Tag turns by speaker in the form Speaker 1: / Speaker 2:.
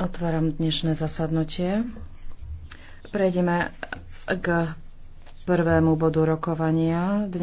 Speaker 1: Otváram dnešné zasadnutie. Prejdeme k prvému bodu
Speaker 2: rokovania.